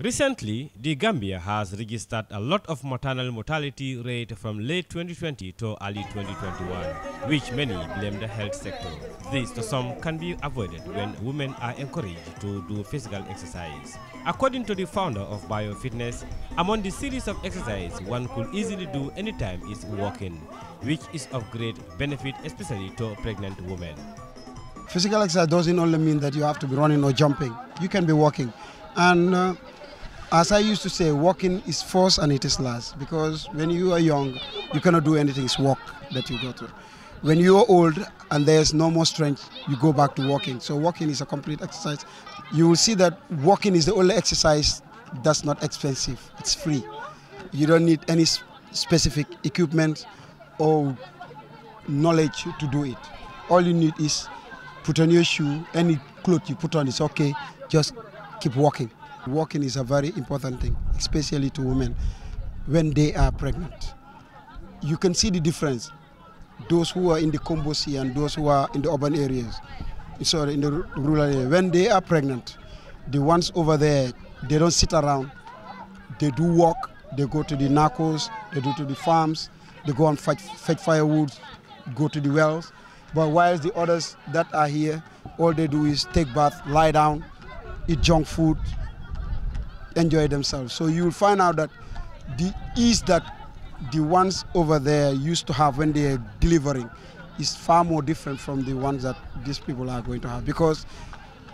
Recently, the Gambia has registered a lot of maternal mortality rate from late 2020 to early 2021, which many blame the health sector. This to some can be avoided when women are encouraged to do physical exercise. According to the founder of BioFitness, among the series of exercise one could easily do anytime is walking, which is of great benefit especially to pregnant women. Physical exercise doesn't only mean that you have to be running or jumping. You can be walking. And uh, as I used to say, walking is force and it is last because when you are young, you cannot do anything. It's walk that you go to. When you are old and there's no more strength, you go back to walking. So walking is a complete exercise. You will see that walking is the only exercise that's not expensive. It's free. You don't need any specific equipment or knowledge to do it. All you need is put on your shoe, any cloth you put on is okay. Just keep walking. Walking is a very important thing, especially to women when they are pregnant. You can see the difference. Those who are in the Sea and those who are in the urban areas, sorry, in the rural area, when they are pregnant, the ones over there, they don't sit around. They do work. They go to the knuckles, They go to the farms. They go and fetch, fetch firewood, go to the wells. But whilst the others that are here, all they do is take bath, lie down, eat junk food, enjoy themselves. So you will find out that the ease that the ones over there used to have when they are delivering is far more different from the ones that these people are going to have because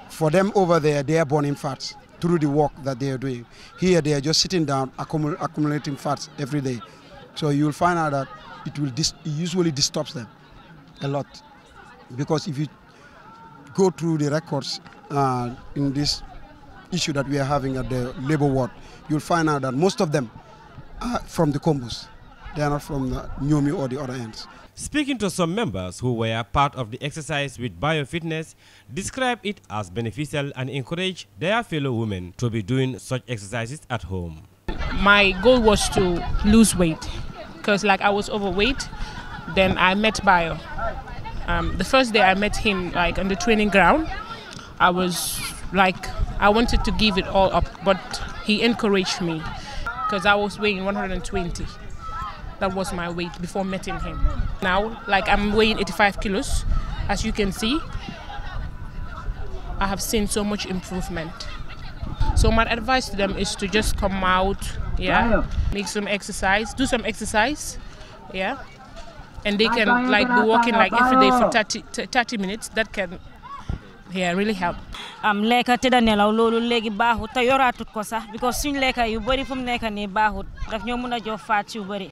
for them over there, they are burning fats through the work that they are doing. Here, they are just sitting down, accumul accumulating fats every day. So you'll find out that it will dis usually disturbs them a lot because if you go through the records uh, in this issue that we are having at the labor ward, you'll find out that most of them are from the Combos. They are not from the Nyomi or the other ends. Speaking to some members who were part of the exercise with biofitness, describe it as beneficial and encourage their fellow women to be doing such exercises at home. My goal was to lose weight because like I was overweight. Then I met Bio. Um, the first day I met him like on the training ground, I was like I wanted to give it all up, but he encouraged me because I was weighing 120. That was my weight before meeting him. Now, like I'm weighing 85 kilos, as you can see, I have seen so much improvement. So my advice to them is to just come out, yeah, make some exercise, do some exercise, yeah, and they can like be walking like every day for 30, 30 minutes. That can yeah really help am lekka tëdda nelaw loolu léegi baaxut te yoraatut ko sax because suñ lekka yu bari fu mu nekk nii baaxut daf ñoo mun a jox faat yu bëri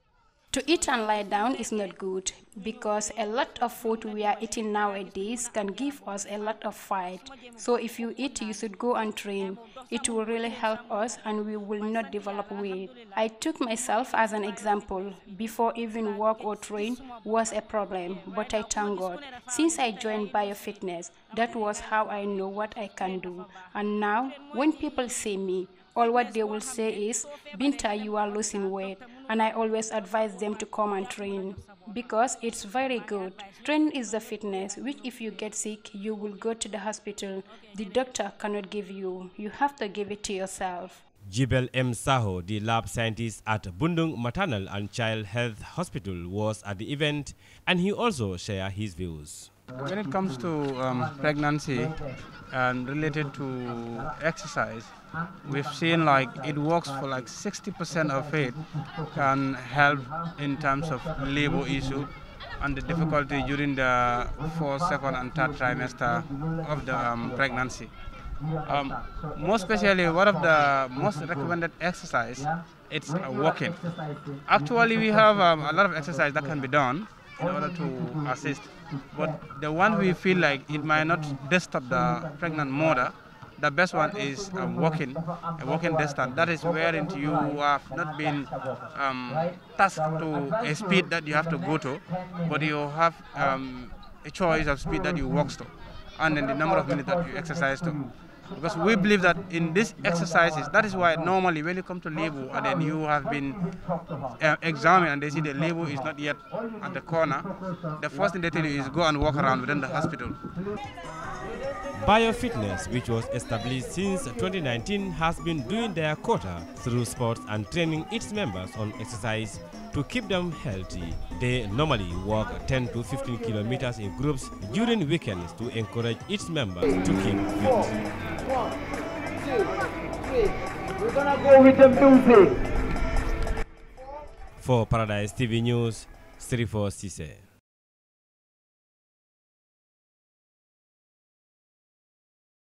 To eat and lie down is not good because a lot of food we are eating nowadays can give us a lot of fight. So if you eat, you should go and train. It will really help us and we will not develop weight. I took myself as an example. Before even walk or train was a problem, but I thank God. Since I joined BioFitness, that was how I know what I can do. And now, when people see me, all what they will say is, Binta, you are losing weight and I always advise them to come and train because it's very good. Training is the fitness which if you get sick you will go to the hospital. The doctor cannot give you. You have to give it to yourself. Jibel M. Saho, the lab scientist at Bundung Maternal and Child Health Hospital, was at the event and he also shared his views. When it comes to um, pregnancy and related to exercise, we've seen like it works for like 60% of it can help in terms of labor issue and the difficulty during the fourth, second, and third trimester of the um, pregnancy. Um, especially, one of the most recommended exercise it's uh, walking. Actually, we have um, a lot of exercise that can be done in order to assist. But the one we feel like it might not disturb the pregnant mother, the best one is um, walking, a walking distance. That is wherein you have not been um, tasked to a speed that you have to go to, but you have um, a choice of speed that you walk to, and then the number of minutes that you exercise to. Because we believe that in these exercises, that is why normally when you come to labor and then you have been uh, examined and they see the labor is not yet at the corner, the first thing they tell you is go and walk around within the hospital. BioFitness, which was established since 2019, has been doing their quota through sports and training its members on exercise to keep them healthy. They normally walk 10 to 15 kilometers in groups during weekends to encourage its members to keep fit. One, two, three. We're gonna For Paradise TV News, 34 Cisse.